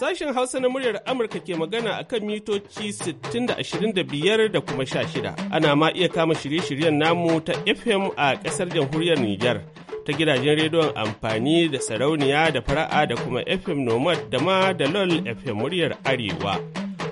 Sashen Hausa na muryar Amurka ke magana a kan mitoci 60 da kuma 16. Ana ma iya kama shirye-shiryen namu ta FM a ƙasar jamhuriyar Nijar ta gidajen rediyon amfani da sarauniya da fara'a da kuma FM Nomad da ma da LOL FM muryar Arewa.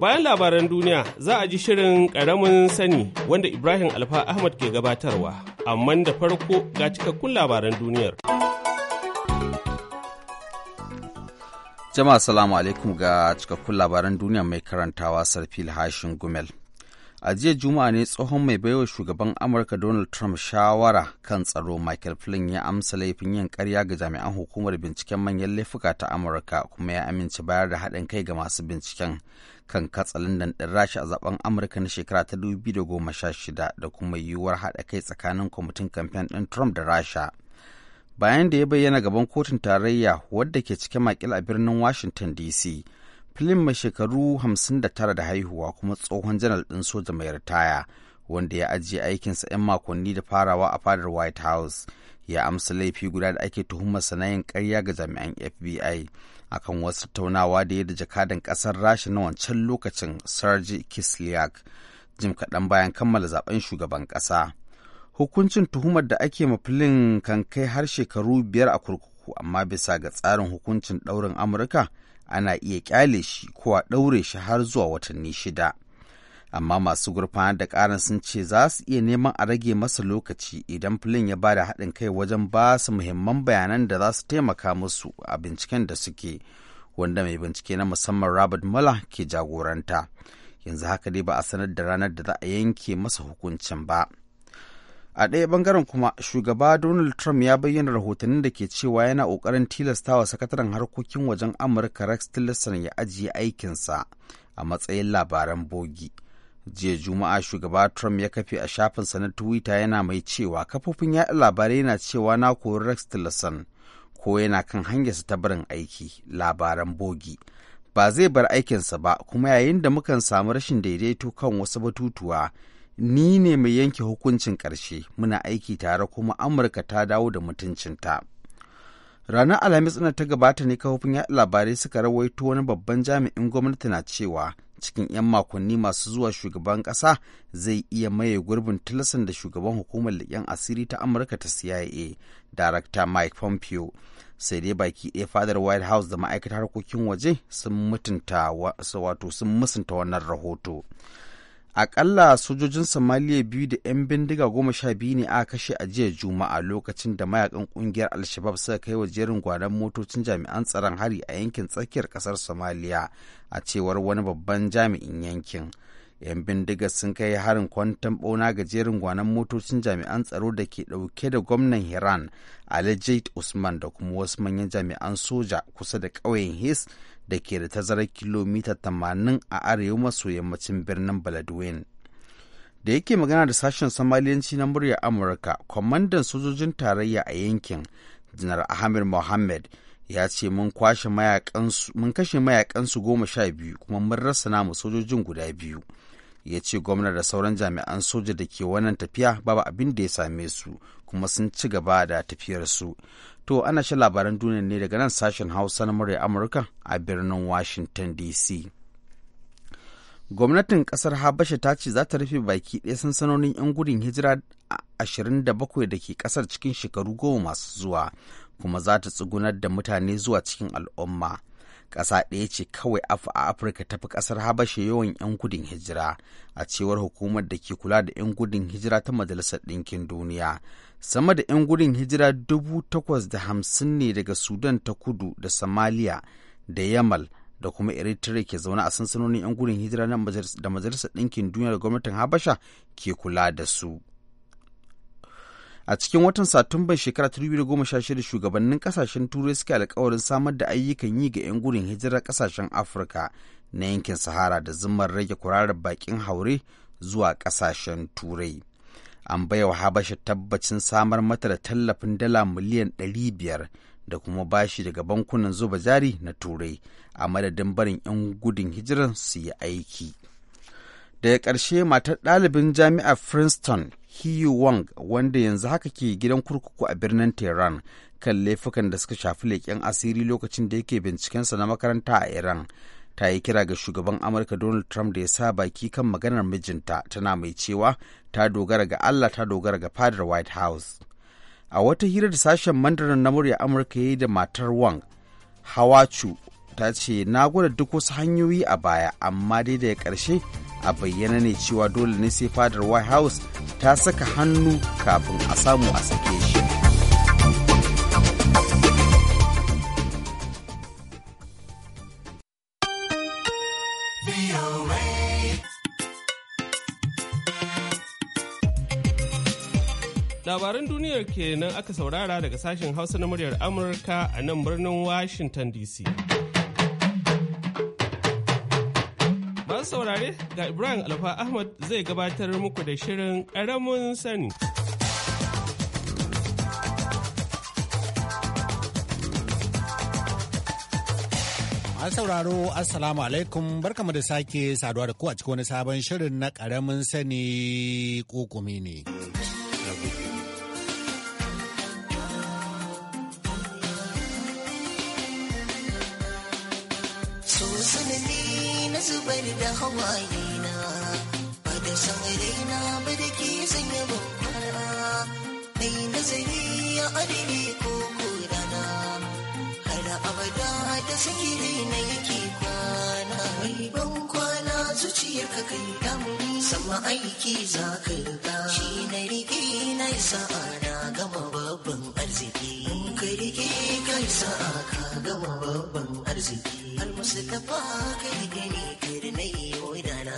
Bayan labaran duniya za a ji shirin ƙaramin sani wanda Ibrahim Alfa Ahmad ke gabatarwa, amma da farko ga cikakkun labaran duniyar. Jama'a salamu alaikum ga cikakkun labaran duniya mai karantawa Sarfil Hashin Gumel. a jiya juma'a ne tsohon mai baiwa shugaban amurka donald trump shawara kan tsaro michael flynn ya amsa laifin yin karya ga jami'an hukumar binciken manyan laifuka ta amurka kuma ya amince bayar da haɗin kai ga masu binciken kan katsalandan ɗin rasha a zaben amurka na shekara ta 2016 da kuma yiwuwar haɗa kai tsakanin kwamitin kamfen ɗin trump da rasha bayan da ya bayyana gaban kotun tarayya wadda ke cike makil a birnin washington dc filin mai shekaru 59 da haihuwa kuma tsohon janar ɗin soja mai ritaya wanda ya ajiye aikinsa 'yan makonni da farawa a fadar White House ya amsa laifi guda da ake tuhumar sanayin karya ga jami'an FBI akan wasu tattaunawa da ya da jakadan ƙasar Rasha na wancan lokacin Sergei Kislyak jim kaɗan bayan kammala zaben shugaban ƙasa. Hukuncin tuhumar da ake ma mafilin kan kai har shekaru biyar a kurkuku amma bisa ga tsarin hukuncin ɗaurin Amurka ana iya kyale shi ko a ɗaure shi har zuwa watanni shida. Amma masu gurfanar da ƙarin sun ce za su iya neman a rage masa lokaci idan filin ya bada haɗin kai wajen ba su muhimman bayanan da za su taimaka musu a binciken da suke, wanda mai bincike na musamman Robert Mueller ke jagoranta. Yanzu haka dai ba a sanar da ranar da za a yanke masa hukuncin ba. a ɗaya ɓangaren kuma shugaba donald trump ya bayyana rahotannin da ke cewa yana ƙoƙarin tilasta wa sakataren harkokin wajen amurka rex tillerson ya ajiye aikinsa a matsayin labaran bogi jiya juma'a shugaba trump ya kafe a shafinsa na twitter yana mai cewa kafofin yaɗa labarai yana cewa na kori rex tillerson ko yana kan hanyarsa ta barin aiki labaran bogi ba zai bar aikinsa ba kuma yayin da mukan samu rashin daidaito kan wasu batutuwa ni ne mai yanke hukuncin ƙarshe muna aiki tare kuma amurka ta dawo da mutuncinta ranar alhamis na ta gabata ne kafofin yaɗa labarai suka rawaito wani babban jami'in gwamnati na cewa cikin 'yan makonni masu zuwa shugaban ƙasa zai iya maye gurbin tilasan da shugaban hukumar leƙen asiri ta amurka ta cia director mike pompeo sai dai baki ɗaya fadar white house da ma'aikatar harkokin waje sun mutunta wato sun musunta wannan rahoto Aƙalla sojojin Somaliya biyu da 'yan bindiga goma sha biyu ne aka kashe a jiya Juma'a lokacin da mayakan ƙungiyar Alshabab suka kai wa jerin gwanon motocin jami'an tsaron hari a yankin tsakiyar ƙasar Somaliya a cewar wani babban jami'in yankin. 'yan bindiga sun kai harin kwantan ɓauna ga jerin gwanon motocin jami'an tsaro da ke ɗauke da gwamnan hiran alejaid usman da kuma wasu manyan jami'an soja kusa da ƙauyen his da ke da tazarar kilomita 80 a arewa maso yammacin birnin Baladwin. Da yake magana da sashen samaliyanci na muryar Amurka, kwamandan sojojin tarayya a yankin, Janar Ahmed Mohammed, ya ce mun kashe mayakansu goma sha biyu kuma mun rasa namu sojojin guda biyu. ya ce gwamna da sauran jami'an soja da ke wannan tafiya babu abin da ya same su kuma sun ci gaba da tafiyarsu To ana shi labaran duniya ne daga nan sashen Hausa na murya Amurka a birnin Washington DC. Gwamnatin kasar Habasha ta ce za ta rufe baki ɗaya sansanonin 'yan gudun hijira 27 da ke kasar cikin shekaru goma masu zuwa, kuma za ta tsugunar da mutane zuwa cikin al'umma. ƙasa ɗaya ce kawai a afirka tafi ƙasar habasha yawan 'yan gudun hijira a cewar hukumar da ke kula da 'yan gudun hijira ta majalisar ɗinkin duniya sama da 'yan gudun hijira dubu takwas da hamsin ne daga sudan ta kudu da somalia da yamal da kuma eritrea ke zaune a sansanonin 'yan gudun hijira da majalisar ɗinkin duniya da gwamnatin habasha ke kula da su a cikin watan satumban shekara 2016 shugabannin kasashen turai suka alkawarin samar da ayyukan yi ga 'yan gudun hijirar kasashen afirka na yankin sahara da zumar rage kurarar bakin haure zuwa kasashen turai an wa habasha tabbacin samar mata da tallafin dala miliyan 500 da kuma bashi daga bankunan zuba jari na turai a madadin barin 'yan gudun hijiran su yi aiki daga ƙarshe matar ɗalibin jami'ar princeton hiyu wang wanda yanzu haka ke gidan kurkuku a birnin tehran kan laifukan da suka shafi leƙen asiri lokacin da yake bincikensa na makaranta a iran ta yi kira ga shugaban amurka donald trump da ya sa baki kan maganar mijinta tana mai cewa ta dogara ga allah ta dogara ga fadar white house a wata hira da sashen mandarin na murya amurka ya yi da matar wang hawachu ta ce na gwada duk wasu hanyoyi a baya amma dai da karshe a bayyana ne cewa dole ne sai fadar white house ta saka hannu kafin a samu a sake shi labaran duniyar kenan aka saurara daga sashen hausa na muryar amurka a nan birnin washington dc masu saurare ga ibrahim alfa ahmad zai gabatar muku da shirin karamin sani An sauraro Assalamu alaikum barkamu da sake saduwa da ku a cikin wani sabon shirin na ƙaramin sani kokumi ne. zubar da hawaye na ba da san raina ba da ke sanya mai nazari ya arini ko korana har abada da sake raina yake kwana mai ban kwana zuciyar ka kai damu sama aiki za ka riga shi na rike na isa ana gama babban arziki kai ka gama babban arziki kai gani yi da na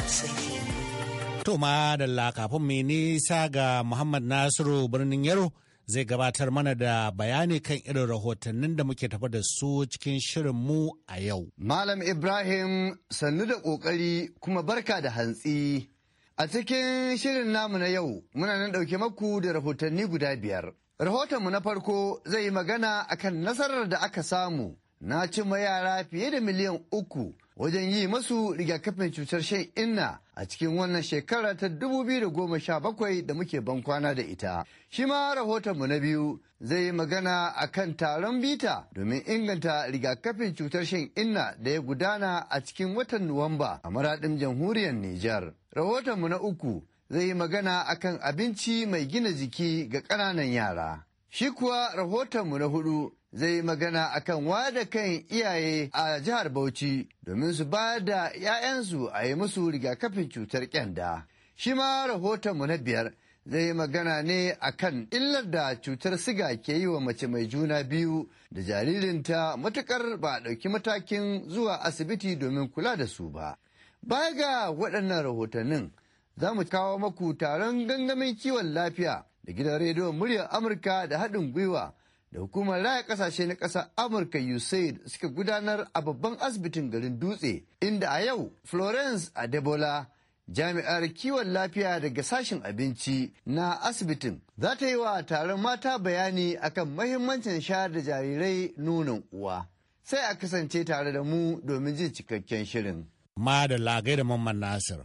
to ma da kafin mai nisa ga muhammad nasiru birnin yaro zai gabatar mana da bayani kan irin rahotannin da muke tafa da su cikin shirin mu a yau. Malam Ibrahim sannu da ƙoƙari kuma barka da hantsi. A cikin shirin namu na yau muna nan ɗauke maku da rahotanni guda biyar. Rahotonmu na farko zai magana akan nasarar da aka samu na cimma yara fiye da miliyan uku wajen yi masu rigakafin cutar shan inna a cikin wannan shekara ta 2017 da muke bankwana da ita. Shi ma rahotonmu na biyu zai magana a kan taron bita domin inganta rigakafin cutar shan inna da ya gudana a cikin watan Nuwamba a maradin jamhuriyar Nijar. Rahotonmu na uku zai yi magana akan abinci mai gina jiki ga ƙananan yara. Shi kuwa rahotonmu na hudu zai yi magana akan wada kan iyaye a jihar Bauchi domin su ba da 'ya'yansu a yi musu rigakafin cutar kyanda. Shi ma rahotonmu na biyar zai yi magana ne akan illar da cutar siga ke yi wa mace mai juna biyu da jaririnta matukar ba a ɗauki matakin zuwa asibiti domin kula da su ba. Baya ga waɗannan rahotannin. za mu kawo maku taron gangamin kiwon lafiya da gidan rediyon muryar Amurka da haɗin gwiwa da hukumar raya ƙasashe na ƙasar Amurka USAID suka gudanar a babban asibitin garin Dutse inda a yau Florence Adebola jami'ar kiwon lafiya daga sashen abinci na asibitin za ta yi wa taron mata bayani akan mahimmancin shayar da jarirai nunan uwa sai a kasance tare da mu domin jin cikakken shirin. Ma da lagai da Mamman Nasir.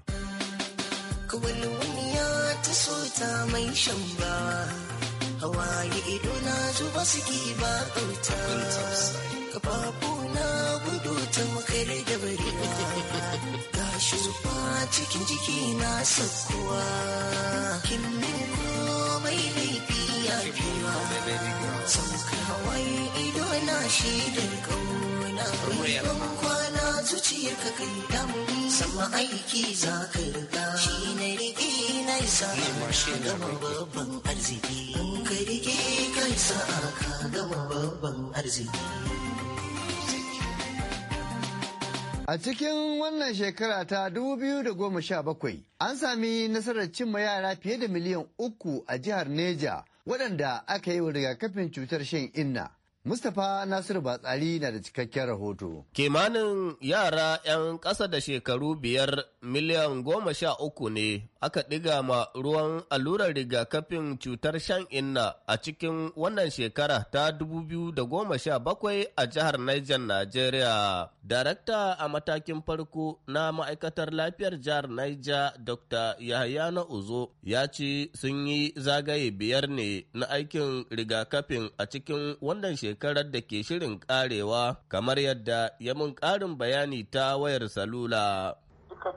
wani wani ya ta so ta mai shan ba hawaye ido na zuba suke ba kauta kafafu na gudu ta makar da bariya gashi zuba cikin jiki na sakuwa kin min komai laifi ya biya sauka hawaye ido na shaidar kauna kwana zuciyar ka kai damu sama aiki za ka riga shi na rike na isa gama babban arziki ka rike ka isa ka gama babban arziki A cikin wannan shekara ta 2017 an sami nasarar cimma yara fiye da miliyan uku a jihar Neja waɗanda aka yi wa rigakafin cutar shan inna. Mustapha Nasiru Batsari na da cikakken rahoto. Kimanin yara 'yan ƙasa da shekaru biyar miliyan goma sha uku ne aka ɗiga ma ruwan allurar rigakafin cutar shan inna a cikin wannan shekara ta 2017 a jihar Niger, Najeriya. Darakta a matakin farko na ma'aikatar lafiyar jihar Niger, Dr. Yahaya na Uzo, ya ce sun yi zagaye biyar ne na aikin rigakafin a cikin wannan shekarar da ke shirin karewa, kamar yadda ya mun ƙarin bayani ta wayar salula. Duka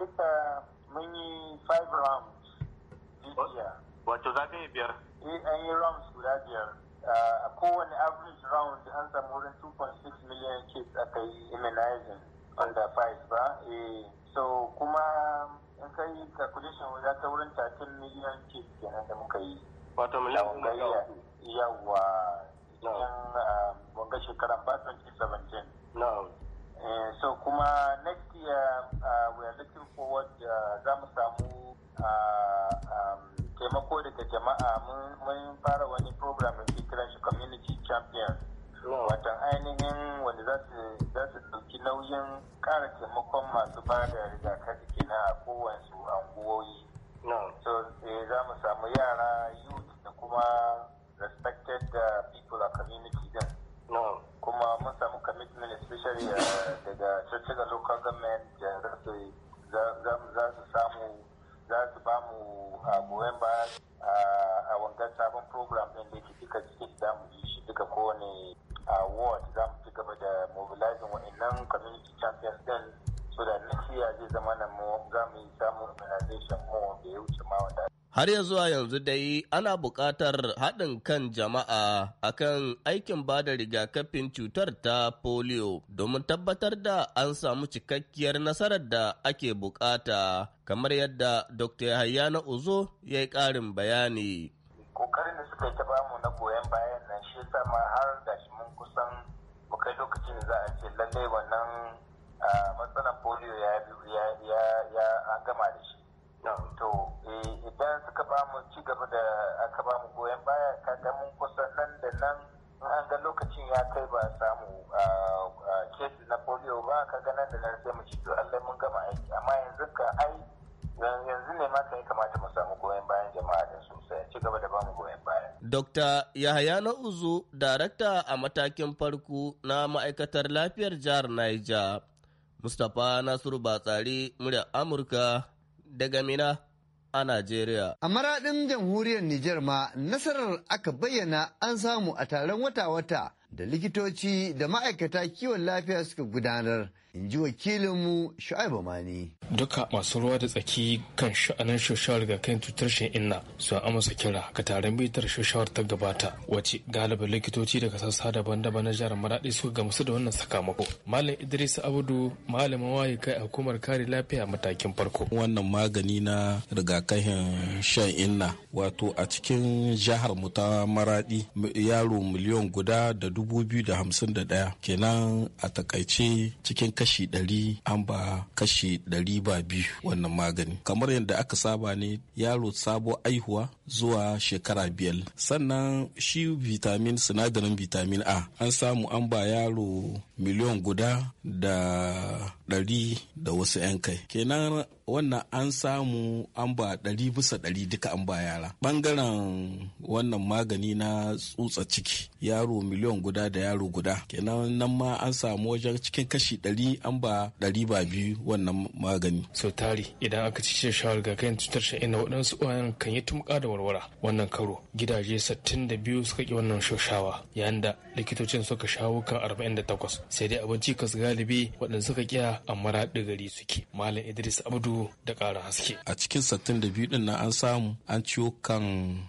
mun yi 5 rounds this year wato zagaye biyar eh an yi rounds guda biyar uh, a kowane average round an samu wurin 2.6 million kids aka yi immunizing under 5 ba eh, so kuma in ka yi calculation za ta wurin 13 million kids kenan da muka yi wato miliyan kuma yawa cikin wanga um, shekaran ba 2017 Eh, so kuma next year uh, we are looking forward eh, za mu samu um, taimako daga jama'a mun fara wani program da ke kiran shi community champion watan ainihin wanda za su ɗauki nauyin ƙara taimakon masu ba da rigakafi kenan a kowansu anguwoyi so za mu samu yara youth da kuma respected people a community din kuma mun samu commitment especially eh, daga churchill local government za su samu za su ba mu goyon ah, ba ah, a wangan sabon program ɗin da ke duka state za mu yi shi duka kowane award ah, za mu ci gaba da mobilizing wa'annan community champions ɗin so da next year zai zama na mu za mu yi samun organization mu da ya wuce ma wanda Har ya zuwa yanzu dai ana buƙatar haɗin kan jama'a a kan aikin ba da rigakafin cutar ta polio domin tabbatar da an samu cikakkiyar nasarar da ake buƙata kamar yadda Dr. Hayyana Uzo ya yi ƙarin bayani. Ƙoƙarin da suka yi ta bamu na goyon bayan nan shi yasa ma har da shi mun kusan mu kai lokacin da za a ce lallai wannan ah, matsalar polio ya gama da shi. idan suka ba mu ci gaba da aka ba mu goyon baya kaga mun kusa nan da nan in an ga lokacin ya kai ba samu kesi na polio ba kaga nan da nan sai mu ci to Allah mun gama aiki amma yanzu ka ai yanzu ne ma yi kamata mu samu goyon bayan jama'a da sosai ci gaba da ba mu goyon baya. Dokta Yahaya na darakta a matakin farko na ma'aikatar lafiyar jihar Niger. Mustapha Nasiru Batsari, murya Amurka daga Mina a Najeriya. A maraɗin jamhuriyar Nijar ma nasarar aka bayyana an samu a taron wata-wata da likitoci da ma'aikata kiwon lafiya suka gudanar in ji mu shu'aibu mani. duka masu ruwa da tsaki kan sha'anin shoshawar ga kan cutar inna su amsa kira ga taron bitar shoshawar ta gabata wace galibin likitoci daga sassa daban-daban na jihar maraɗi suka gamsu da wannan sakamako malam idris abudu malamin waye kai a hukumar kare lafiya matakin farko wannan magani na rigakafin shan inna wato a cikin jihar mu ta maraɗi yaro miliyon guda da dubu biyu da hamsin da ɗaya kenan a takaice cikin kashi ɗari an ba kashi ɗari ba biyu wannan magani kamar yadda aka saba ne yaro sabo aihuwa zuwa shekara biyar sannan shi vitamin sinadarin vitamin a an samu an ba yaro miliyon guda da ɗari da wasu 'yan kai kenan wannan an samu an ba ɗari bisa ɗari duka an ba yara ɓangaren wannan magani na tsutsa ciki yaro miliyon guda da yaro guda kenan nan ma an samu wajen cikin kashi ɗari an ba ɗari ba biyu wannan magani sau tari idan aka ci shan rigakafin cutar ina waɗansu ƙwayan kan yi tumƙa da warwara wannan karo gidaje sittin da biyu suka ƙi wannan shawa yayin da likitocin suka shawo kan arba'in da takwas sai dai abinci kas galibi waɗanda suka ƙiya amma Maraɗi gari suke malam idris abdu da ƙara haske. A cikin 62 ɗin nan an samu an ciwo kan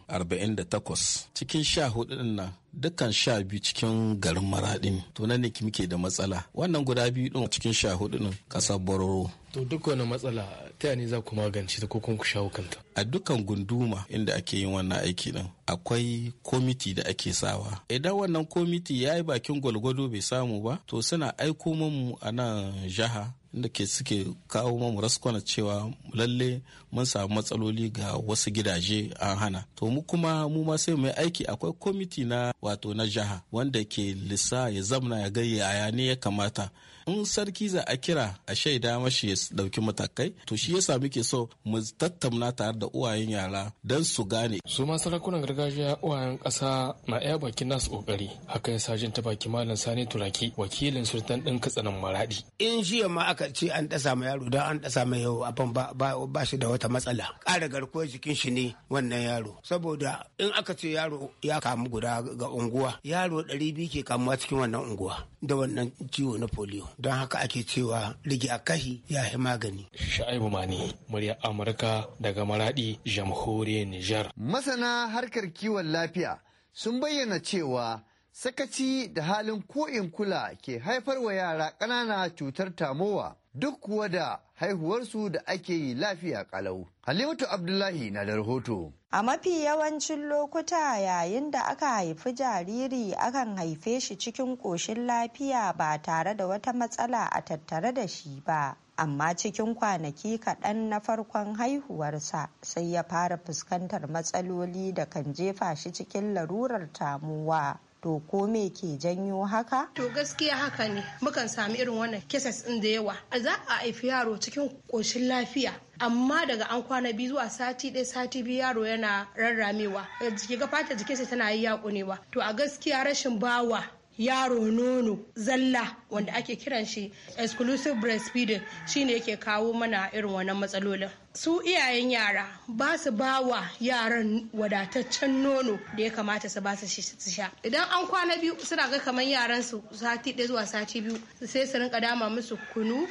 48 cikin 14 ɗin nan dukkan sha biyu cikin garin maraɗin to nan ne muke da matsala wannan guda biyu ɗin cikin sha hudu ɗin ƙasar bororo to duk wani matsala ta ne za ku magance ta ko kun ku shawo kanta a dukkan gunduma inda ake yin wannan aiki ɗin akwai komiti da ake sawa idan wannan komiti ya yi bakin gwalgwado bai samu ba to suna aiko mu a nan jiha inda ke suke kawo mu raskwana cewa lalle mun samu matsaloli ga wasu gidaje a hana to mu kuma mu ma sai mai aiki akwai kwamiti na wato na jiha wanda ke lissa ya zamna ya gayya yaya ne ya kamata in sarki za a kira a shaida mashi ya dauki matakai to shi yasa muke so mu tattauna tare da uwayen yara don su gane su ma sarakunan gargajiya uwayen kasa na iya bakin nasu kokari haka ya sajin ta baki malam sani turaki wakilin sultan din katsinan maradi in jiya ma aka ce an dasa ma yaro dan an dasa ma yau a ba ba shi da wata matsala ƙara garkuwar jikin shi ne wannan yaro saboda in aka ce yaro ya kamu guda ga unguwa yaro ɗari biyu ke kamuwa cikin wannan unguwa da wannan ciwo na polio don haka ake cewa rige a kashi ya yi magani. Sha'ibu Mani, murya Amurka daga Maradi, jamhuriyar Nijar. Masana harkar kiwon lafiya sun bayyana cewa sakaci da halin ko'in kula ke haifar wa yara ƙanana cutar tamowa duk wada haihuwarsu da ake yi lafiya kalau. Halimatu Abdullahi na da rahoto. A mafi yawancin lokuta yayin da aka haifi jariri akan haife shi cikin ƙoshin lafiya ba tare da wata matsala a tattare da shi ba. amma cikin kwanaki kaɗan na farkon haihuwarsa sai ya fara fuskantar matsaloli da kan jefa shi cikin larurar tamuwa to ko me ke janyo haka? To gaskiya haka ne mukan sami irin wannan cases ɗin da yawa. Za a haifi yaro cikin ƙoshin lafiya amma daga an kwana biyu zuwa sati ɗaya sati biyu yaro yana rarramewa jiki ga fata jikinsa tana yi yaƙunewa to a gaskiya rashin bawa yaro nono zalla wanda ake kiran shi exclusive breastfeeding shine yake kawo mana irin wannan matsalolin su iyayen yara ba su ba wa yaran wadataccen nono da ya kamata su ba su sha idan an kwana biyu suna ga kamar yaran su sati ɗaya zuwa sati biyu sai su rinka dama musu kunu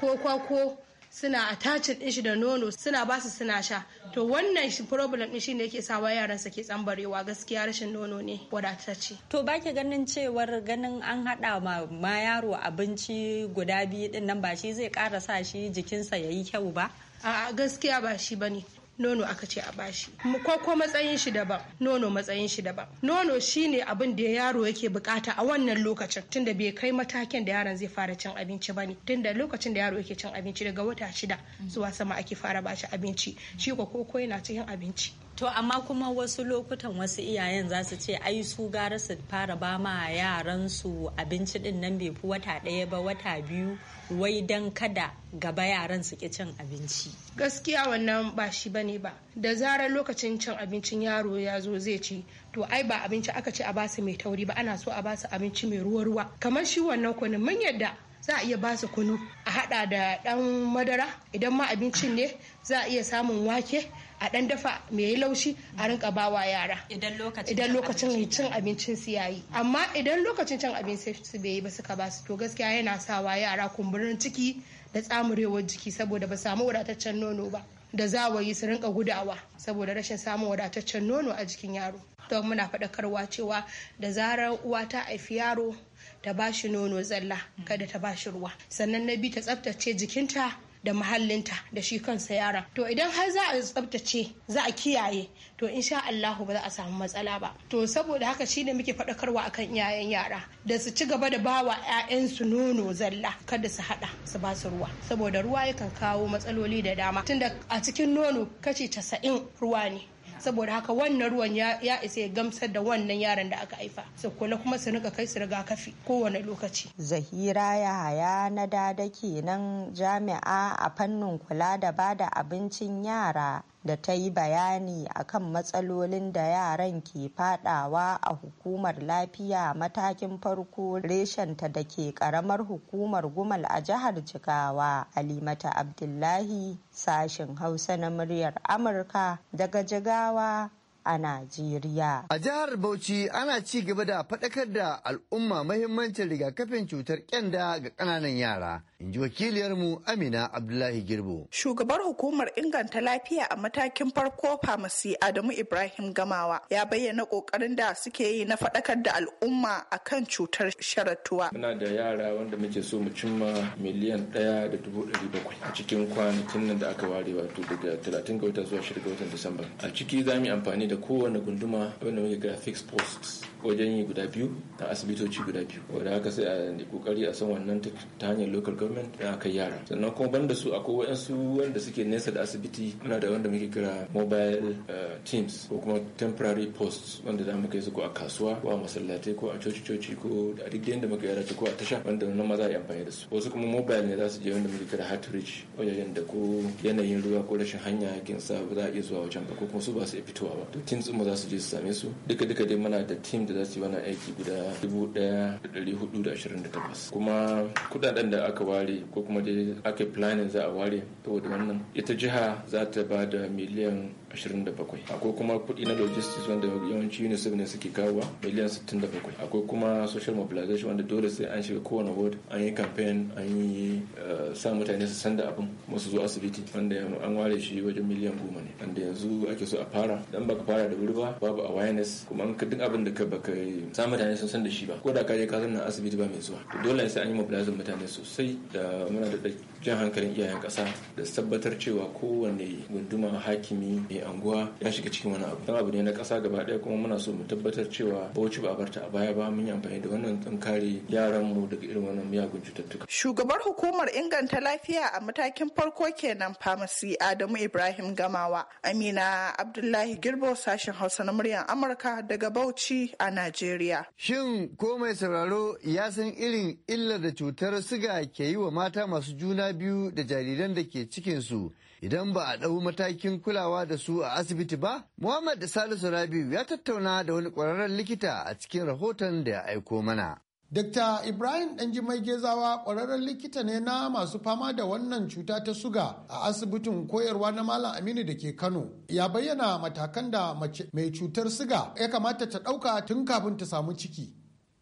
ko kwakwo suna a tacin din shi da nono suna ba su suna sha to wannan shi problem din ne yake sawa yaran sa ke tsambarewa gaskiya rashin nono ne wadatacce to ba ki ganin cewar ganin an haɗa ma, yaro abinci guda biyu din nan ba shi zai ƙara sa shi jikinsa yayi kyau ba a gaskiya ba shi bane nono aka ce a bashi ko ko matsayin shi daban nono matsayin shi daban nono shine abin da yaro yake bukata a wannan lokacin tunda bai kai matakin da yaron zai fara cin abinci ba bane tunda lokacin da yaro yake cin abinci daga wata shida zuwa sama ake fara bashi abinci shi ko koko yana cikin abinci To amma kuma wasu lokutan wasu iyayen za su ce ai su gara su fara ba ma yaran su abinci din nan bai fi wata ɗaya ba wata biyu wai dan kada gaba yaran su ki cin abinci. Gaskiya wannan ba shi ne ba. Da zarar lokacin cin abincin yaro ya zo zai ci to ai ba abinci aka ce a basu mai tauri ba ana so a basu abinci mai ruwa-ruwa. Kamar shi wannan kunu mun yadda za a iya ba su kunu a hada da dan madara idan ma abincin ne za a iya samun wake a dan dafa mai laushi a rinka bawa yara idan lokacin cin abincin su yayi amma idan lokacin cin abincin su bai yi ba suka ba su to gaskiya yana sawa yara kumburin ciki da tsamurewar jiki saboda ba samu wadataccen nono ba da zawayi su rinka gudawa saboda rashin samun wadataccen nono a jikin yaro to muna faɗakarwa cewa da zarar uwa ta haifi yaro ta bashi nono zalla kada ta ba shi ruwa sannan na bi ta tsaftace jikinta da muhallinta da shi kansa yaron to idan har za a tsabtace za a kiyaye to insha Allah ba za a samu matsala ba to saboda haka shi ne muke faɗakarwa akan iyayen yara da su ci gaba da bawa 'ya'yansu nono zalla kada su haɗa su ba su ruwa saboda ruwa yakan kawo matsaloli da dama tunda a cikin nono kashi casa'in ruwa ne saboda haka wannan ruwan ya isa ya gamsar da wannan yaran da aka haifa su kula kuma su nuka kai su riga kafi kowane lokaci zahira ya haya na dada kenan jami'a a fannin kula da bada abincin yara da ta yi bayani a kan matsalolin da yaran ke fadawa a hukumar lafiya matakin farko reshenta da ke karamar hukumar gumal a jihar jigawa alimata abdullahi sashen hausa na muryar amurka daga jigawa a Najeriya. A jihar Bauchi ana ci gaba da faɗakar da al'umma mahimmancin rigakafin cutar kyanda ga ƙananan yara. In ji wakiliyarmu Amina Abdullahi Girbo. Shugabar hukumar inganta lafiya a matakin farko famasi Adamu Ibrahim Gamawa ya bayyana ƙoƙarin da suke yi na faɗakar da al'umma a kan cutar sharatuwa. Muna da yara wanda muke so mu cimma miliyan ɗaya da dubu ɗari bakwai a cikin kwanakin nan da aka ware wato daga talatin ga watan zuwa shirga watan Disamba. A ciki za mu amfani da da kowane gunduma wanda muke kira fix posts wajen yi guda biyu a asibitoci guda biyu wanda haka sai a kokari a san wannan ta hanyar local government da aka yara sannan kuma banda su akwai wayansu wanda suke nesa da asibiti muna da wanda muke kira mobile eh, teams ko kuma temporary posts wanda za mu kai su ko a kasuwa ko a masallatai ko a coci-coci ko a duk da muka yara ko a tasha wanda nan ma za a yi amfani da su wasu kuma mobile ne za su je wanda muke kira heart reach wajen da ko yanayin ruwa ko rashin hanya yakin sa ba za a iya zuwa wajen ba ko kuma su ba su fitowa ba teams mu za su je su same su duka duka dai muna da tim da za su yi wani aiki guda 1428 kuma kudaden da aka ware ko kuma dai aka planning za a ware saboda wannan ita jiha za ta ba da miliyan 27 akwai kuma kuɗi na logistics wanda yawanci unicef ne suke kawo miliyan 67 akwai kuma social mobilization wanda dole sai an shiga kowane ward an yi campaign an yi eh, sa mutane su san da abin musu zo asibiti wanda an ware shi wajen miliyan goma ne wanda yanzu ake so a fara dan baka fara da wuri ba babu awareness kuma an ka duk abin da ka baka sa mutane sun san da shi ba ko da ka je ka san asibiti ba mai zuwa dole sai an yi mobilizing mutane sosai da muna da jan hankalin iyayen ƙasa da tabbatar cewa kowanne gunduma hakimi mai anguwa ya shiga cikin wani abu don abu ne na kasa gaba ɗaya kuma muna so mu tabbatar cewa bauchi ba a barta a baya ba mun yi amfani da wannan don kare mu daga irin wannan miyagun cututtuka. Shugabar hukumar inganta lafiya a matakin farko kenan famasi Adamu Ibrahim Gamawa. Amina Abdullahi Girbo sashen Hausa na muryar Amurka daga Bauchi a Najeriya. Shin ko mai sauraro ya san irin illar da cutar siga ke yi wa mata masu juna biyu da jariran da ke cikinsu idan ba a ɗau matakin kulawa da su a asibiti ba? Muhammad Salisu Rabiu ya tattauna da wani ƙwararren likita a cikin rahoton da ya aiko mana. Dr. Ibrahim Mai Gezawa ƙwararren likita ne na masu fama da wannan cuta ta suga a asibitin koyarwa na Malam Aminu da ke Kano. Ya bayyana matakan da mai cutar suga ya kamata ta ɗauka tun kafin ta samu ciki.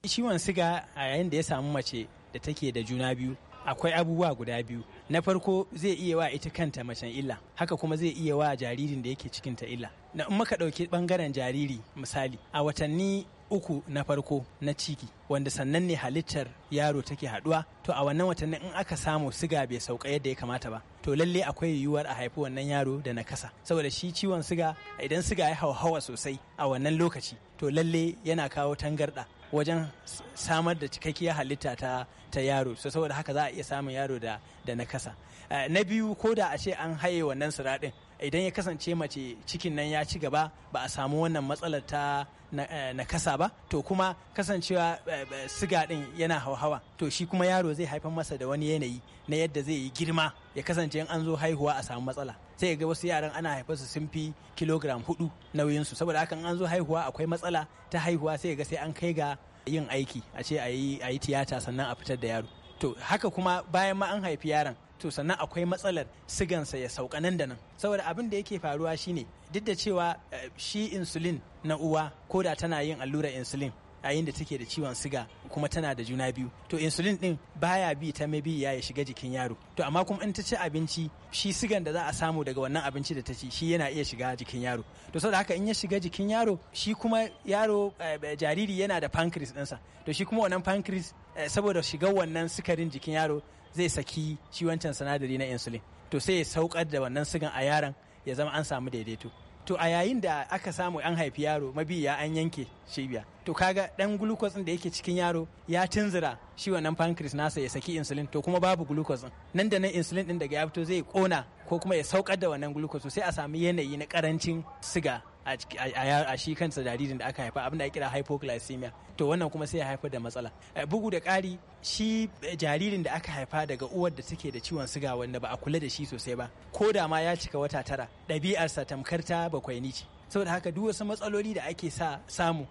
Ciwon suga a yayin da ya samu mace da take da juna biyu akwai abubuwa guda biyu na farko zai iya wa ita kanta macen illa haka kuma zai iya wa jaririn da yake ta illa na in muka ɗauki ɓangaren jariri misali a watanni uku na farko na ciki wanda sannan ne halittar yaro take haɗuwa to a wannan watanni in aka samu siga bai sauka yadda ya kamata ba to lalle akwai yiwuwar a haifi wannan yaro da na kasa saboda shi ciwon siga idan siga ya hauhawa sosai a wannan lokaci to lalle yana kawo tangarda wajen samar da cikakkiyar halitta ta, ta yaro so saboda haka za a iya samun yaro da, da nakasa eh, na biyu ko da a ce an haye wannan siraɗin idan ya kasance mace cikin nan ya ci gaba ba a samu wannan matsalar ta na eh, kasa ba to kuma kasancewa eh, eh, siga din yana hauhawa to shi kuma yaro zai haifar masa da wani yanayi na yadda zai yi girma ya kasance in an zo haihuwa a samu matsala sai ga wasu yaran ana haifar su sun fi kilogram hudu nauyinsu saboda hakan an zo haihuwa akwai matsala ta haihuwa sai ga sai an kai ga yin aiki a ce a yi tiyata sannan a fitar da yaro to haka kuma bayan ma an haifi yaron to sannan akwai matsalar sigansa ya sauka nan da nan saboda abin da yake faruwa shine duk da cewa eh, shi insulin na uwa ko da tana yin allura insulin yayin da take da ciwon siga kuma tana da juna biyu to insulin din baya bi ta maybe ya shiga jikin yaro to amma kuma in ta ci abinci shi sigan da za a samu daga wannan abinci da ta ci shi yana iya shiga jikin yaro to saboda haka in ya shiga jikin yaro shi kuma yaro eh, jariri yana da pancreas dinsa to shi kuma wannan pancreas eh, saboda shigar wannan sukarin jikin yaro zai saki shi wancan sinadari na insulin to sai ya saukar da wannan sigan a yaron ya zama an samu daidaito to a yayin da aka samu an haifi yaro mabiya an yanke cibiya to kaga dan glucose din da yake cikin yaro ya tunzura shi wannan pancreas nasa ya saki insulin to kuma babu glucose din nan da nan insulin din daga ya fito zai kona ko kuma ya saukar da wannan glucose sai a samu yanayi na karancin siga a shi kansa jaririn da aka haifa abin da ake kira hypoglycemia to wannan kuma sai ya haifar da matsala bugu da ƙari shi eh, jaririn da aka haifa daga uwar da take da ciwon siga wanda ba a kula da shi sosai ba ko da ma ya cika wata tara ɗabi'arsa tamkar ta bakwai ce saboda haka duk wasu matsaloli da ake sa samu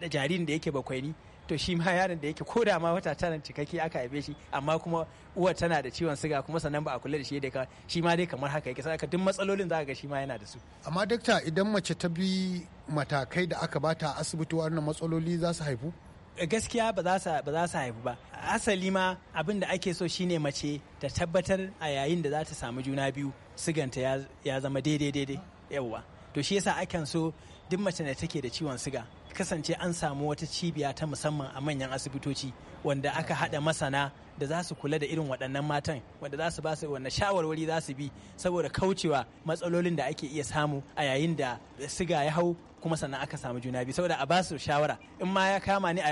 da jaririn da yake ni. to shi ma yaron da yake ko dama ma wata tana cikakke aka haife shi amma kuma uwar tana da ciwon siga kuma sannan ba a kula da shi da shi ma dai kamar haka yake saka duk matsalolin za ga shi ma yana da su amma dakta idan mace ta bi matakai da aka bata a asibiti wannan matsaloli za su haifu eh, gaskiya ba za su haifu ba asali ma abin da ake so shine mace ta tabbatar a yayin da za ta samu juna biyu siganta ya zama daidai daidai yawwa to shi yasa akan so duk mace da take da ciwon siga kasance an samu wata cibiya ta musamman a manyan asibitoci wanda aka haɗa masana da za su kula da irin waɗannan matan wanda za su ba su wanda shawarwari za su bi saboda kaucewa matsalolin da ake iya samu a yayin da siga ya hau kuma sannan aka samu juna biyu saboda a ba su shawara in ma ya kama ni a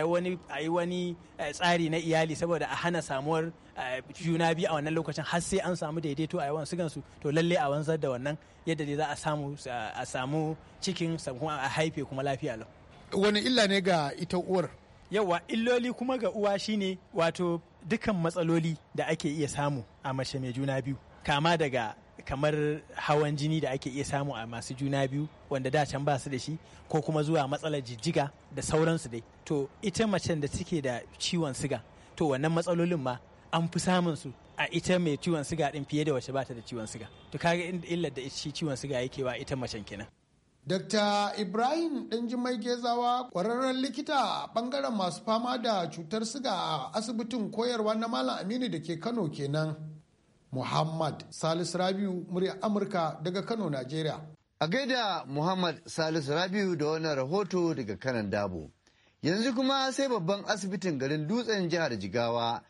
yi wani eh, tsari na iyali saboda a hana samuwar eh, juna biyu a wannan lokacin har sai an samu daidaito a yawan sigan su to lalle a wanzar da wannan yadda dai za a samu a samu cikin a haife kuma lafiya lau wani illa ne ga ita uwar yawa illoli kuma ga uwa shine wato dukan matsaloli da ake iya samu a mace mai juna biyu kama daga kamar hawan jini da ake iya samu a masu juna biyu wanda da can ba su da shi ko kuma zuwa matsalar jijjiga da sauransu dai to ita macen da suke da ciwon siga to wannan matsalolin ma an fi samun su a ita mai ciwon siga din fiye da wace ba ta da ciwon siga to kaga illar da shi ciwon siga yake wa ita macen kenan Dr. Ibrahim Ɗanjimai Gezawa kwararren likita a bangaren masu fama da cutar siga a asibitin koyarwa na Malam Aminu da ke Kano kenan. Muhammad Salisu Rabiu murya Amurka daga Kano, Najeriya. A gaida Muhammad Salisu Rabiu da wannan rahoto daga kanan dabo. Yanzu kuma sai babban asibitin garin dutsen jihar Jigawa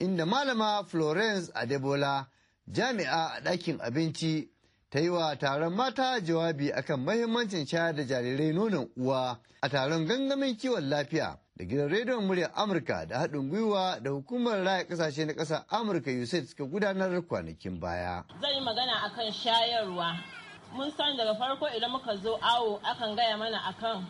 inda malama Florence Adebola jami'a a ɗakin abinci ta yi wa taron mata jawabi akan mahimmancin shayar da jarirai nonon uwa a taron gangamin kiwon lafiya da gidan rediyon muryar amurka da haɗin gwiwa da hukumar raya ƙasashe na ƙasar amurka usaid suka gudanar kwanakin baya zan yi magana akan shayarwa mun san daga farko idan muka zo awo akan gaya mana akan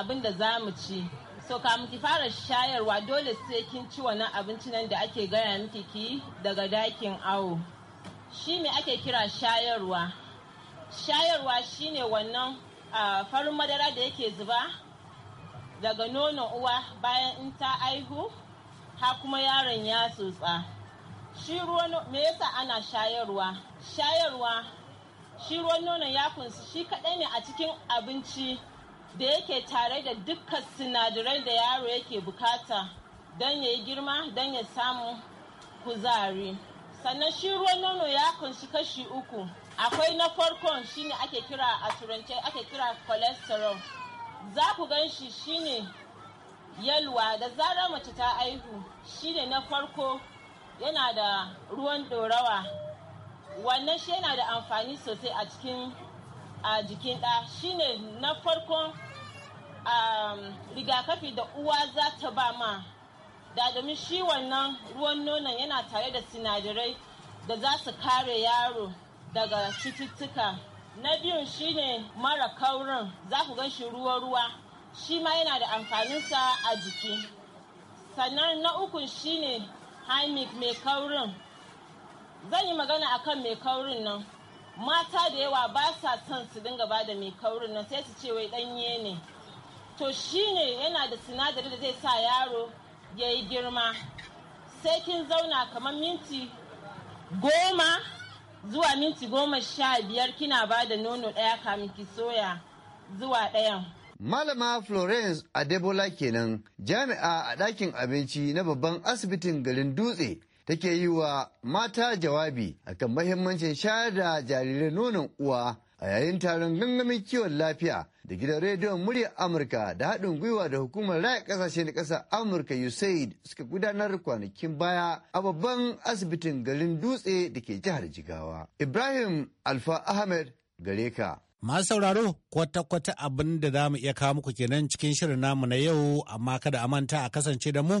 abin da za mu ci so ka ki fara shayarwa dole sai kin ci wannan abinci nan da ake gaya miki ki daga dakin awo shi ne ake kira shayarwa shayarwa shi ne wannan farin madara da yake zuba daga nono uwa bayan in ta aihu ha kuma yaron ya tsotsa shi ruwan me yasa ana shayarwa shayarwa shi ruwan nonon ya kunsu shi kaɗai ne a cikin abinci da yake tare da dukkan sinadarai da yaro yake bukata don ya yi girma don ya samu kuzari sannan shi ruwan nono ya kunshi kashi uku akwai na farko shine ake kira a turance ake kira cholesterol za ku gan shi shine yalwa da zarar mace ta aihu shine na farko yana da ruwan dorawa wannan shi yana da amfani sosai a cikin a jikin ɗa shine na farkon um, rigakafi da uwa za ta ba ma da domin shi wannan ruwan nonon yana tare da sinadarai da za su kare yaro daga cututtuka na biyun shine mara kaurin za ku gan shi ruwa-ruwa shi ma yana da amfaninsa a jiki sannan na ukun shine haimik mai kaurin zan yi magana akan mai kaurin nan mata da yawa ba sa son su dinga ba da mai kaurin nan sai su ce wai ɗanye ne to shine yana da sinadari da zai sa yaro ya yi girma sai kin zauna kamar minti goma zuwa minti goma sha biyar kina ba da nono ɗaya kamin ki soya zuwa ɗayan. Malama Florence Adebola kenan jami'a a ɗakin abinci na babban asibitin garin dutse take yi wa mata jawabi akan mahimmancin shayar da jarirai nonon uwa a yayin taron gangamin kiwon lafiya da gidan rediyon murya Amurka da haɗin gwiwa da hukumar raya ƙasashe na ƙasar Amurka USAID suka gudanar kwanakin baya a babban asibitin garin dutse da ke jihar Jigawa. Ibrahim Alfa Ahmed gare ka. Masu sauraro kwata-kwata abin da za mu iya kawo muku kenan cikin shirin namu na yau amma kada a manta a kasance da mu